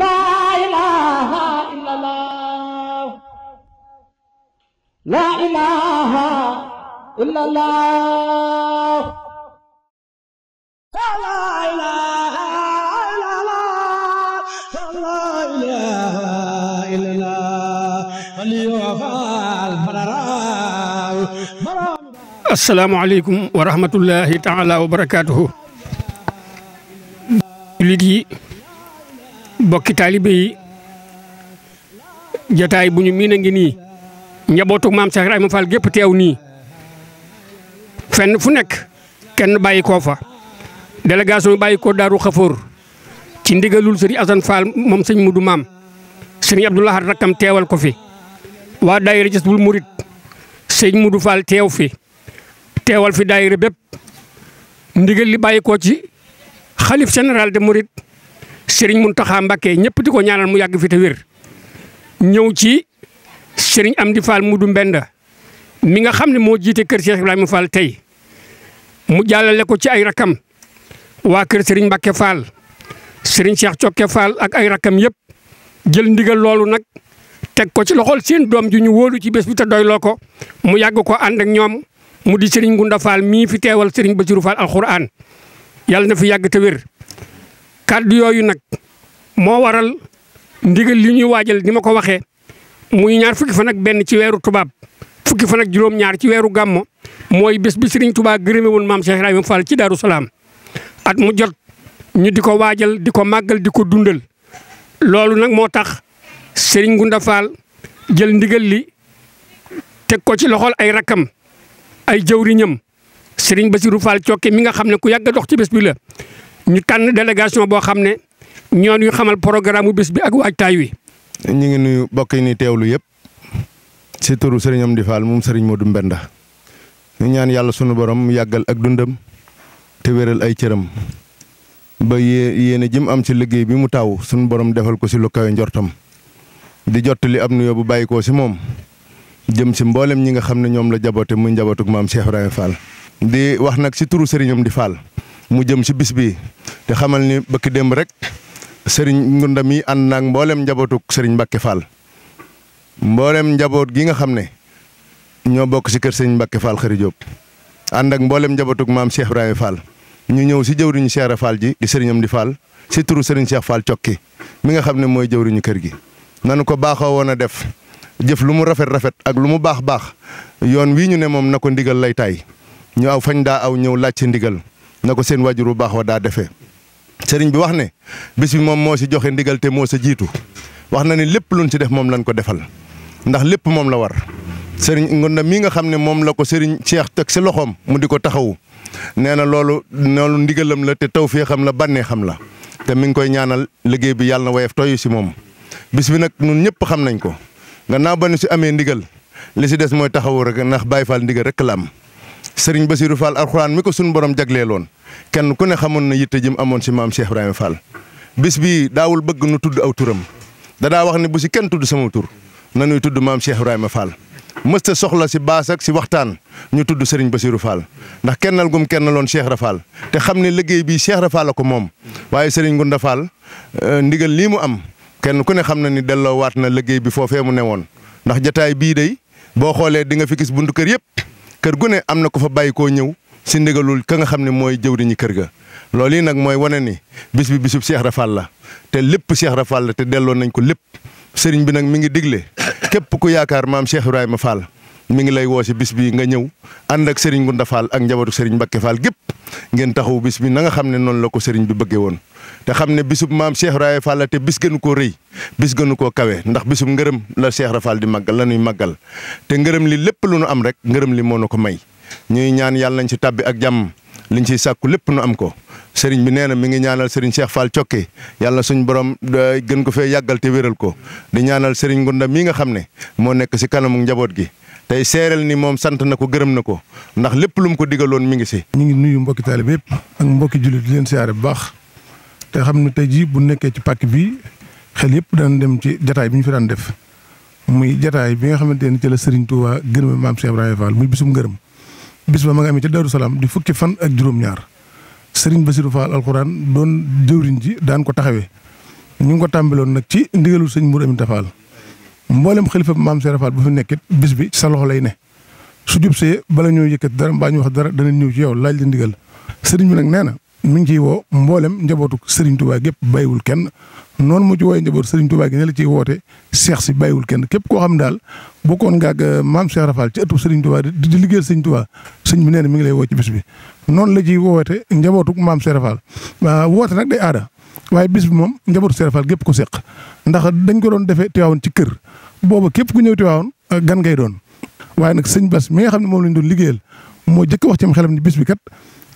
لا إله إلا الله لا إله إلا الله لا إله إلا الله لا إله إلا الله اليوم البرار السلام عليكم ورحمة الله تعالى وبركاته. bokki talibé yi jotaay buñu ñu miin ngi ni ñabotu mam Cheikh rahim Fall gep tew ni fenn fu nek kenn bayiko fa délégation bayiko daru khafour ci ndigalul seri azan Fall mom seigne mudou mam seigne abdullah rakam tewal ko fi daayira Murid seigne Mudu Fall tew fi tewal fi daayira bépp ndigal li bayiko ci khalif général de Murid Sering Mountakha mbake ñëpp di ko ñaanal mu yagg fi te wér ñew ci sëriñ Amdi Fall Mudu Mbenda mi nga xamni mo jité jiite kër Cheikh ibrahim Fall tay mu jallale ko ci ay rakam wa kër sëriñ mbake Fall sëriñ Cheikh Cokke Fall ak ay rakam yep jël ndigal lolu nak tek ko ci loxol seen dom ju ñu wolu ci bés bi te doy loko mu yagg ko and ak ñom mu di Gunda Fall mi fi teewal sering bajuru Fall alquran yalla na fi yagg te wér kaddu Yunak nak mo waral ndigal li ñu wajjal ni ko waxe muy ñaar fukki fa nak ben ci wéru tubab fukki fa nak juroom ñaar ci wéru gàmmo moy bes bi Serigne Touba won mam Cheikh ibrahim Fall ci daru salam at mu jot ñu di wajjal diko di diko dundal lolu nak moo tax Serigne Gunda Fall jël ndigal li tek ko ci loxol ay rakam ay jëwriñam Serigne basirou Fall cokke mi nga xamne ku yagg dox ci bes bi la ñu tan délégation bo xamné ñoo ñu xamal programme bu bis bi ak waajtaay wi. ñi ngi nuyu bokk ni tewlu yépp ci turu Serigne Amdi Fall mum Serigne Modou Mbenda ñu ñaan yalla sunu borom yagal ak dundam te wéral ay cëram ba yéene jëm am ci liggéey bi mu taw sunu borom defal ko ci lu kawé njortam di jotali am nuyoo bu bayiko ci mom jëm ci mbollem ñi nga xam ñom la jaboote mu njabootug maam Cheikh ibrahim Fall. di wax nak ci turu Serigne Amdi Fall mu jëm si bis bi te xamal ni bëkk dem rek sëriñ Ngunda mi and nak mboolem sering sëriñ Mbacke Fall mboolem njaboot gi nga ne nyobok ci si kër sëriñ Mbacke Fall Xëri job and ak mboolem njabootuk maam Cheikh ibrahim Fall ñu ñëw si jëwriñu Cheikh Fall ji di sëriñam di Fall si turu sëriñ Cheikh Fall ciokki mi nga xam ne jëwriñu kër gi. nanu ko baaxoo wona def jëf lu mu rafet rafet ak lu mu baax baax yoon wi ñu ne mom nako ndigal lay tay ñu aw fañ daa aw ñëw laaj ndigal nako seen wajuru da sëriñ bi wax ne bis bi moom moo si joxe ndigal te moo sa jiitu wax na ne lépp luñ si def moom lañ ko defal ndax lépp moom la war sëriñ Ngonda mii nga xam ne moom la ko sëriñ Cheikh teg si loxoom mu di ko taxawu nee na loolu noonu ndigalam la te taw fii tawféexam la bànnee xam la te mi ngi koy ñaanal liggéey bi yàlla na woyof toyu si moom. bis bi nag ñun ñëpp xam nañ ko naaw ba nu si amee ndigal li si des mooy taxawu rek ndax Baye Fall ndigal rek la sëriñ Basiirou Fall alxuraan mi ko sunu borom jagleeloon kenn ku ne xamoon na yitte jëm amoon si maam Cheikh Ibrahima Fall bis bii daawul bëgg nu tudd aw turam dadaa wax ne bu si kenn tudd sama tur na nuy tudd maam Cheikh Ibrahima Fall. mësta soxla si baas ak si waxtaan ñu tudd sëriñ Basiirou Fall ndax kennal gum kennaloon Cheikh Rafal te xam ne liggéey bi Cheikh Rafal ko moom waaye sëriñ Gunda Fall euh, ndigal lii mu am kenn ku ne xam na ni delloowaat na liggéey bi foofee mu newoon ndax jataay bii day boo xoolee di nga fi gis buntu kër yëpp. kër gu ne am na ko fa bàyyi koo ñëw si ndigalul ka nga xam ne mooy jëwriñu kër ga loolu yi nag mooy wane ni bis bi bisub Cheikh Rafal la te lépp Cheikh Rafal la te delloo nañ ko lépp sëriñ bi nag mi ngi digle képp ku yaakaar maam Cheikh ma Fall mi ngi lay woo si bis bi nga ñëw ànd ak sëriñ Gunda Fall ak njabootu sëriñ Mbakke Fall gépp ngeen taxawu bis bi nanga xam ne noonu la ko sëriñ bi bëggee woon. te xam ne bisub maam Cheikh Raye Fall te bis gënu koo rëy bis gënu koo kawe ndax bisub ngërëm la Cheikh Raye Fall di màggal la ñuy màggal te ngërëm li lépp lu nu am rek ngërëm li moo nu ko may ñuy ñaan yàlla nañ ci tàbbi ak jàmm liñ ciy sàkku lépp nu am ko. sëriñ bi nee na mi ngi ñaanal sëriñ Cheikh Fall Cokke yàlla suñ borom gën ko fee yàggal wéral ko di ñaanal sëriñ Ngunda mii nga xam ne moo nekk si kanamu njaboot gi. tey seereel ni moom sant na ko gërëm na ko ndax lépp lu mu ko digaloon mi ngi si. ñu ngi nuyu mbokki taalibe yëpp ak mbokki jullit leen siyaare bu baax te xam ne tey jii bu nekkee ci pàkk bi xel yëpp daan dem ci jataay bi ñu fi daan def muy jataay bi nga xamante ne ci la Serigne Touba gërëme maam Cheikh Ibrahima Fall muy bisum ma nga amee ca Darou Salaam di fukki fan ak juróom-ñaar Serigne Bassirou Fall alxuraan doon jëwriñ ji daan ko taxawee. ñu ngi ko tàmbaloon nag ci ndigalul sëñ Mourou Aminta Fall mboolem xalifa maam Cheikh Fall bu fi nekkit bis bi sa loxo lay ne su jub see ñoo yëkkat dara mbaa ñu wax dara danañ ñëw ci yow laaj la ndigal sëriñ bi nag nee na mi ngi ciy woo mboolem njabootu Serigne Touba gépp bàyyiwul kenn noonu mu ci woowee njabootu Serigne Touba gi la ciy woote seex si bàyyiwul kenn képp koo xam daal bokkoon nga ak euh, maam Cheikh Rafal ci ëttu di di liggéeyal Serigne Touba sëñ bi nee na ngi lay woo ci bis noonu la ciy woote njabootu maam Cheikh Rafal woote nag day aada waaye bis bi moom njabootu Cheikh gépp ko seq ndax dañ ko doon defee Tiwaawoon ci kër booba képp ku ñëw Tiwaawoon euh, gan ngay doon waaye nag sëñ Bass mi nga xam ne moom lañ doon liggéeyal moo jëkk wax ci xelam ni bis bi kat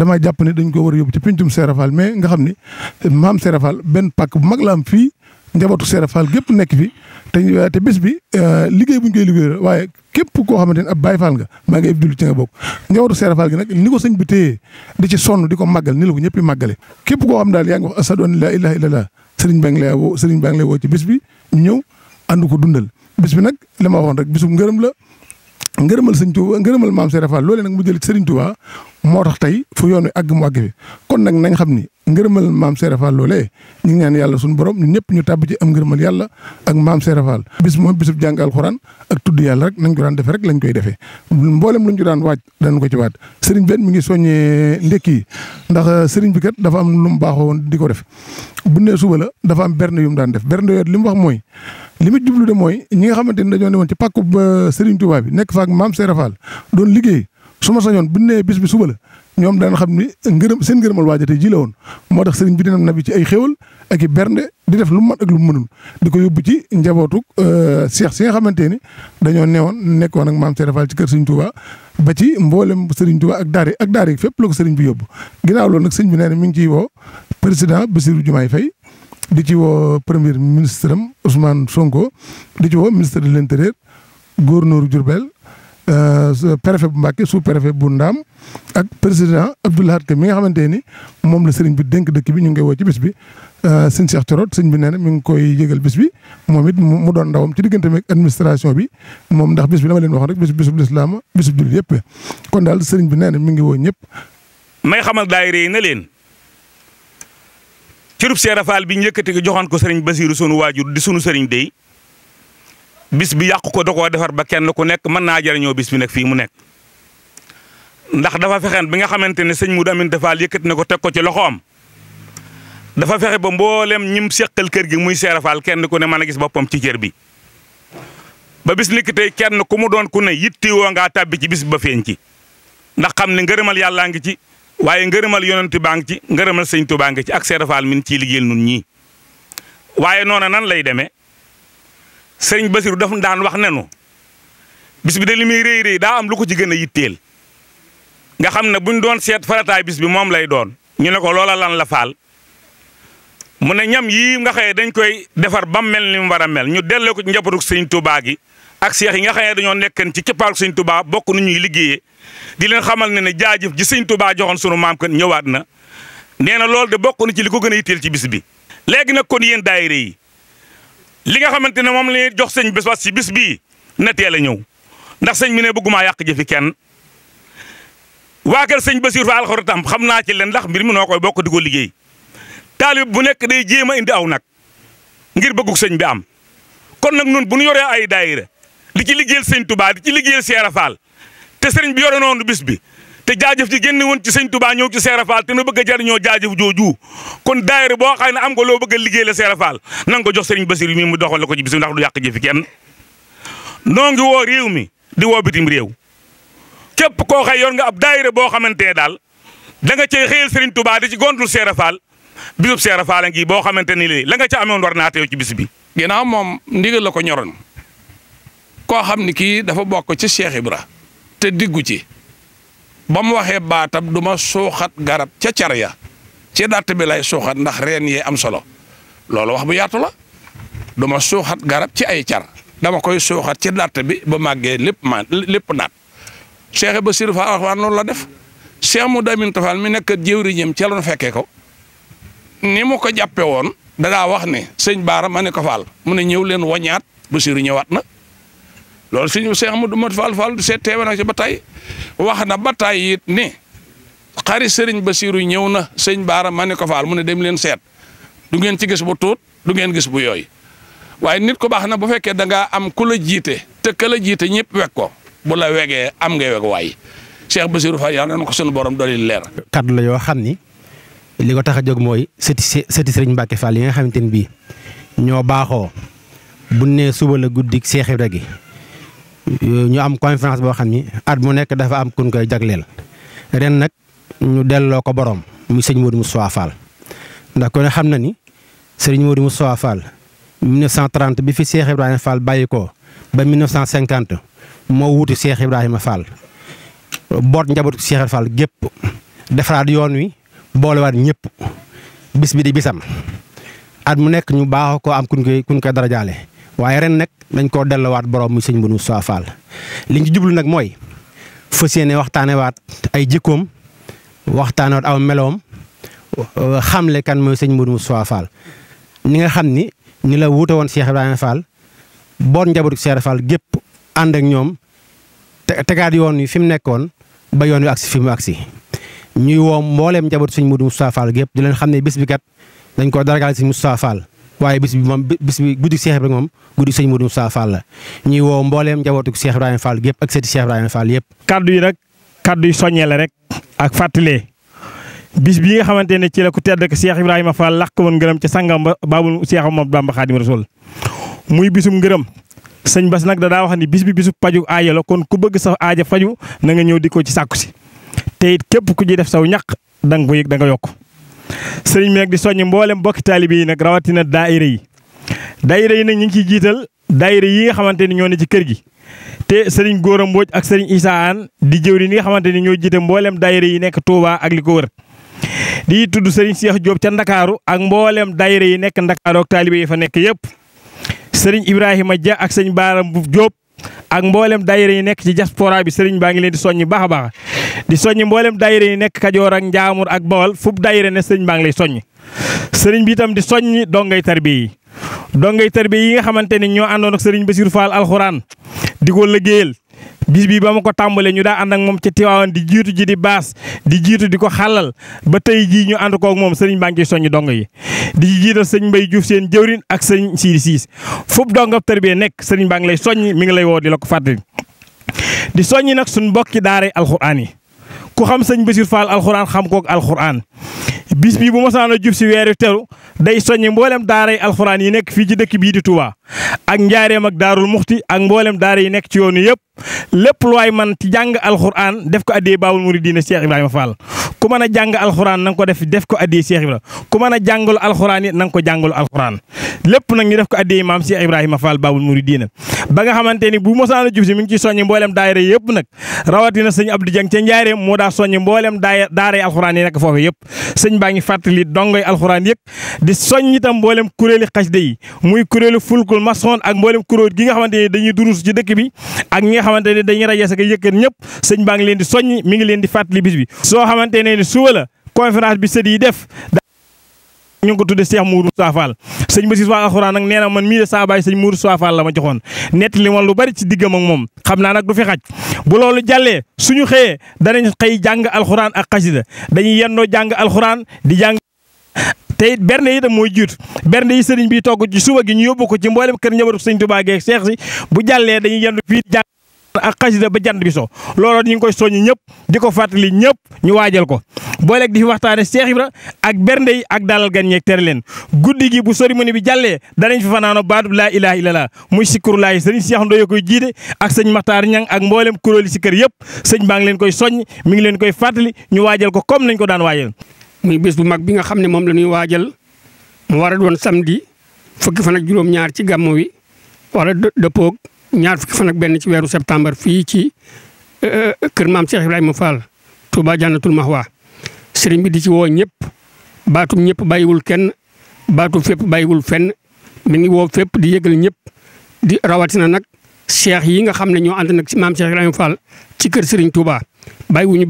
damaa jàpp ne dañ ko war a yóbbu ci pincum Serafal mais nga xam ni maam Serafal benn pàkk bu mag la am fii njabootu Serafal gépp nekk fi te euh, te bés bi euh, liggéey bu ñu liggéey liggéeyal waaye képp koo xamante ne ab Baay Faal nga maa ngi jullit ci nga bokk gi nag ni ko sëñ bi téyee di ci sonn di ko màggal ni la ko ñëpp màggale képp koo xam daal yaa ngi wax asadu an laa ilaaha illallaah sëriñ baa ngi woo sëriñ baa ngi woo ci bis bi ñëw ànd ko dundal bis bi nag li ma waxoon rek bisu ngërëm la ngërëmal sëñ Tuuba ngërëmal maam Serafal loole nag mu jël ci sëriñ Tuuba motax tay fu yoonu ag mu àgg kon nak nañ xamni ngeureumal mam serafal lolé Fall ñu ñaan yalla suñu borom ñu ñëpp ñu tàbb ci am ngeureumal yalla ak mam serafal bis mo bisub jang alquran ak tuddu yalla rek nañ ko daan def rek lañ koy defé mbolam luñu daan waaj dañ ko ci wat serign ben mi ngi soñé ndekki ndax euh, serign bi kat dafa am lu mu baaxoo di def bu ne suba la dafa am berne yu mu daan def bernde yooyu li mu wax moy li mu jublu de moy ñi nga xamanteni dañu neewon ci pakku euh, serign Touba bi nek fa ak maam doon liggéey suma sañon bu ne bis bi suba la ñom dañ xam ni ngërëm seen ngërëmal waajate ji la woon tax bi dina nabi ci ay xéwal ak bernde di def lu mat ak lu mënul di yobbu yóbbu ci njabootu euh, seex si nga xamanteni ni neewon nekkon neon ak maam Serigne Fall ci keur Serigne Touba ba ci mboolem Serigne Touba ak daari ak daari fepp la ko bi yobbu ginaaw lool nak sëriñ bi neena mi ngi ci wo president Bassirou fay di ci wo premier ministre Ousmane Sonko di ci wo ministre de l'intérieur gouverneur Diourbel Euh, préfet bu Mbàkke sous préfet bu Ndaam ak président Abdou Lahad Ka mi nga xamante ni moom la sëriñ bi denk dëkk bi ñu ngi woo ci bis bi. Euh, sëñ Cheikh Torot sëñ bi nee na mi ngi koy yëgal bis bi moom it mu doon ndawam ci diggante meeg administration bi moom ndax bis bi dama leen waxoon rek bis bisub lislaam bisub jullit yëpp kon daal sëriñ bi nee na mi ngi woo ñëpp. may xamal daayira yi na leen cërub Seera Faal bi ñu yëkkati ko joxoon ko sëriñ Basiiru sunu waajur di sunu sëriñ dey bis bi yàqu ko doko defar ba kenn ku nek man na jarño bis bi nek fi mu nek ndax dafa fexen bi nga xamanteni ne mu Modou defal Fall yëkkati ko ko ci loxom dafa fexé ba mbollem ñim sekkal kër gi muy sérafal kenn ku ne man gis bopam ci jër bi ba bis ni tay kenn ku mu don ku ne wo nga tabbi ci bis ba feñ ci ndax xam ne ngërëmal yàllaa ci waye bang ci touba nga ci ak sérafal min ci liggéeyal nun ñi waye nona nan lay démé sëriñ Basiru daf daan wax nenu bis bi de li muy rëy daa am lu ko ci gën a yitteel nga xam ne buñ doon seet farataay bis bi moom lay doon ñu ne ko loola lan la faal mu ne ñam yii nga xëyee dañ koy defar ba mel ni mu war a mel ñu delloo ko ci njabootu sëñ Tuubaa gi ak seex yi nga xam dañoo nekkan ci képpaaru sëñ Tuubaa bokk nu ñuy liggéeye di leen xamal ne ne jaajëf ji sëñ tubaa joxoon sunu maam kan ñëwaat na nee na loolu de bokk na ci li ko gën a yitteel ci bis bi. léegi nag kon yéen daayira yi li nga xamante ne moom la jox sëñ bés ba si bis bii na teel a ñëw ndax sëñ bi ne bëggumaa yàq fi kenn waa kër sëñ Basiir Faal Xorotam xam naa ci leen ndax mbir mi noo koy bokk di liggéey taalib bu nekk day jéem a indi aw nag ngir bëggug sëñ bi am kon nag nun bu ñu yoree ay daayira di ci liggéey sëñ Tuubaa di ci liggéey Seera Faal te sëriñ bi yore noonu bis bi te jaajëf ji génn woon ci sëñ Touba ñëw ci Seera te nu bëgg a jariñoo jaajëf jooju kon daayira boo xam ne am nga loo bëgg a liggéey la Seera Fall na ko jox sëriñ Basiru mi mu doxal la ko ci bis ndax du yàq jëfi kenn noo ngi woo réew mi di woo bitim réew képp ko xay yor nga ab daayira boo xamante ne daal da nga cay xëyal sëriñ Touba di ci gontul Seera Fall bisub Seera Fall a ngi boo xamante ni lii la nga ca amoon war naa teew ci bis bi. ginnaaw moom ndigal la ko ñoroon koo xam ni kii dafa bokk ci Cheikh Ibra te diggu ci Bam waxe batam duma soxat garab ca car ya ci dat bi lay soxat ndax reen ye am solo lolo wax bu yatu la duma soxat garab ci ay car dama koy soxat ci dat bi ba magge lepp man lepp nat Cheikh Bassirou Fall alxuraan non la def Cheikh mu damin tafal mi nekk ñem ci lañu fekke ko ni mu ko da wax ne bara mané ko fal mu ne ñew leen wañat basir ñewat na loolu suñu Cheikh Amadou Mat Fall Fall du seet teewe na ci ba tey wax na ba tey it ni xari sëriñ Basiru ñëw na sëñ Baara ma ne ko Fall mu ne dem leen seet du ngeen ci gis bu tuut du ngeen gis bu yooy waaye nit ko baax na bu fekkee da ngaa am ku la jiite te la jiite ñëpp weg ko bu la wegee am nga weg waay Cheikh Basiru Fall yàlla na ko sunu borom dolli leer. kaddu la yoo xam ni li ko tax a jóg mooy sëti sëti sëriñ Mbacke Fall li nga xamante ni bii ñoo baaxoo bu ne suba la guddi Cheikh Ibra gi ñu am conférence bo xamni at mu nek dafa am kun koy jaglél ren nak ñu dello ko borom muy sëñ Modou Moustapha Fall ndax ko ne xamna ni sëriñ Modou Moustapha Fall 1930 bi fi Cheikh ibrahim Fall bayiko ba 1950 mo wuti Cheikh ibrahim Fall bot njabot Cheikh Fall gépp defaraat yoon wi wat ñëpp bis bi di bisam at mu nek ñu baax ko am kun koy kun koy jalé waaye ren nag dañ koo delluwaat borom mi sëñ bu nu saafaal liñ ci jublu nag mooy fas yéene waxtaane ay jikkoom waxtaane waat aw meloom xamle kan mooy sëñ Modou Moustapha Fall ni nga xam ni ni la wuute woon Cheikh Ibrahima Fall boot njabot Cheikh Fall gépp ànd ak ñoom tegaat yoon yi fi mu nekkoon ba yoon yu aksi fi mu ñuy woo mbooleem njabot sëñ Fall gépp di leen xam bis bi kat dañ ko daragaal sëñ Fall waye bis bi mom bis bi gudi Cheikh rek mom gudi seigne Modou Moussa Fall la wo mbollem mbooleem Cheikh ibrahim Fall gep ak sëti Cheikh ibrahim Fall yep kaddu yi nak kaddu yi soññee la rek ak fatilé bis bi nga xamantene ci la ku tedd ak Cheikh ibrahim Fall lak won ngërëm ci sangam ba Cheikh mom Bamba khadim rasoul muy bisum ngërëm seigne Bass nak da da wax ni bis bi bisu paju aya la kon ku bëgg sa aja faju na nga ñew diko ci sakku si te it ku ci def saw ñak dang bu yek nga sëriñ meeg di soññ mboolem bokki taalibe yi nag rawatina daayira yi daayira yi nag ñu ngi ciy jiital daayira yi nga xamante ni ñoo ne ci kër gi te sëriñ góor a mbooj ak sëriñ Issa An di jëwri ni nga xamante ni ñoo jiite mboolem daayira yi nekk Touba ak li ko wër di tudd sëriñ Cheikh Diop ca Ndakaaru ak mboolem daayira yi nekk Ndakaaru ak taalibe yi fa nekk yëpp sëriñ Ibrahima Dia ak sëñ Baara Mbuuf Diop ak mboolem dayre yi nekk ci diaspora bi sëriñ baa ngi leen di soññi baax a baax di soññi mboolem daayira yi nekk Kajoor ak Njaamur ak Bawol fub daayira ne sëriñ baa ngi lay soññi sëriñ bi itam di soññi dongay tarbiya yi dongay tarbiya yi nga xamante ne ñoo àndoon ak sëriñ Bassirou Fall alxuraan di ko liggéeyal bis bi ba ma ko tàmbalee ñu daa ànd ak moom ci Tiwaawan di jiitu ji di baas di jiitu di ko xàllal ba tey jii ñu ànd kook moom sëriñ baa ngi soññi dong yi di jiital sëñ Mbay Juuf seen jëwrin ak sëñ Siidi Siis foofu dongab tarbiya nekk sëriñ baa ngi lay soññi mi ngi lay woo di la ko fàttali di soññ nag suñ mbokki daara alxuraan yi ku xam sëñ Bassirou Fall alxuraan xam kook alxuraan bis bii bu mosaan a jub si weeru teru day soññi mboolem daara yi alxuraan yi nekk fii ci dëkk bii di Touba ak njaareem ak daarul muxti ak mboolem daara yi nekk ci yoonu yëpp lépp waaye man ci jàng alxuraan def ko addee baabul muridiina Cheikh Ibrahima Fall ku mën a jàng alxuraan na ko def def ko addee Cheikh Ibrahima ku mën a jàngalu alxuraan yi na nga ko jàngalu alxuraan lépp nag ñu def ko addee maam Cheikh Ibrahima Fall baabul muridiina ba nga xamante ni bu mosaana jub si mi ngi ciy soññi mboolem daayira yëpp nag rawatina sëñ Abdou Dieng ca Njaaree moo daa soññi mboolem daay daaray alxuraan yi nekk foofu yëpp sëñ baa ngi fàttali dongoy alxuraan yëpp di soññ itam mboolem kuréeli xasida yi muy kuréelu fulkul masoon ak mboolem kuréel gi nga xamante ni dañuy durus ci dëkk bi ak ñi nga xamante ni dañuy rajo saka yëkkat ñëpp sëñ baa ngi leen di soññ mi ngi leen di fàttali bis bi soo xamante ne ni suba la bi sët yi def ñu ngi ko tudde Cheikh Mourou Safal sëñ Bassirou waa alxuraan nag nee na man mii de saa baay sëñ Mourou Safal la ma joxoon netti li ma lu bari ci diggam ak moom xam naa nag du fi xaj bu loolu jàllee su ñu xëyee danañ xëy jàng alxuraan ak xasida dañuy yendoo jàng alxuraan di jàng te it bernde yi tam mooy jiitu bernde yi sëriñ bi togg ci suba gi ñu yóbbu ko ci mboolem kër njabootu sëñ Tuubaa geeg si bu jàllee dañuy yendu fii jàng ak xasida ba jant bi so looloo ñu ngi koy soññ ñëpp di ko fàttali ñëpp ñu waajal ko booleeg di fi waxtaane Cheikh rek ak bernde yi ak dalal gan ñeeg tere leen guddi gi bu sori cérémonie bi jàllee danañ fi fanaano baatub laa ilaha illallah muy sikkurulaay sëriñ Cheikh Ndoye koy jiite ak sëñ Maxtaar Ñang ak mboolem kuréeli si kër yëpp sëñ baa ngi leen koy soññ mi ngi leen koy fàttali ñu waajal ko comme lañ ko daan waajal muy bés bu mag bi nga xam ne moom la ñuy waajal mu war a doon samedi fukki fan ak juróom-ñaar ci gàmmu wi wala dëppoog ñaar fukki fan benn ci weeru septembre fii ci euh, kër maam Cheikh Ibrahima Fall Touba Jannatul Mahwa sëriñ bi di ci woo ñëpp baatum ñëpp bàyyiwul kenn baatu fépp bàyyiwul fenn mi ngi woo fépp di yëgal ñëpp di rawatina nag cheikh yi nga xam ne ñoo ànd nag ci maam Cheikh Ibrahima Fall ci kër sëriñ Touba bàyyiwuñu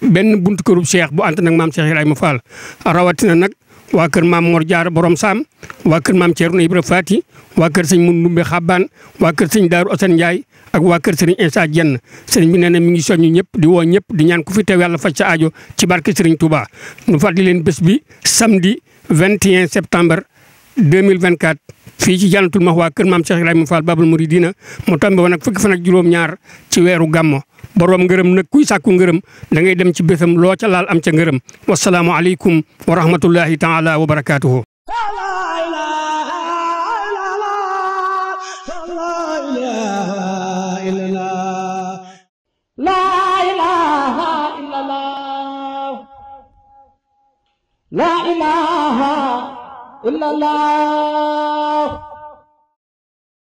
benn buntu kërub cheikh bu ànd nag maam Cheikh Ibrahima Fall rawatina nag. waa kër maam Mor Diarra Borom Saam waa kër maam Thierno Ibra Fati waa kër sëñ Mun Ndumbe Xabaan waa kër sëñ Daaru Ousseyn Ndiaye ak waa kër sëriñ Insa Jenn sëriñ bi nee na mi ngi soññu ñëpp di woo ñëpp di ñaan ku fi teew yàlla faj sa aajo ci barke sëriñ Touba. nu di leen bés bi samedi 21 septembre. 2024 fi ci jantul Mahwa keur mam Cheikh ibrahim Fall Babul Mouridina mu tambe won ak fukk fan ak juróom-ñaar ci wéru Gammo borom ngeureum nak kuy sakku ngeureum da ngay dem ci bésam lo ca laal am ca ngërëm wasalaamu alaykum wa rahmatullahi taala wa barakatuh La ilaha 啦啦啦！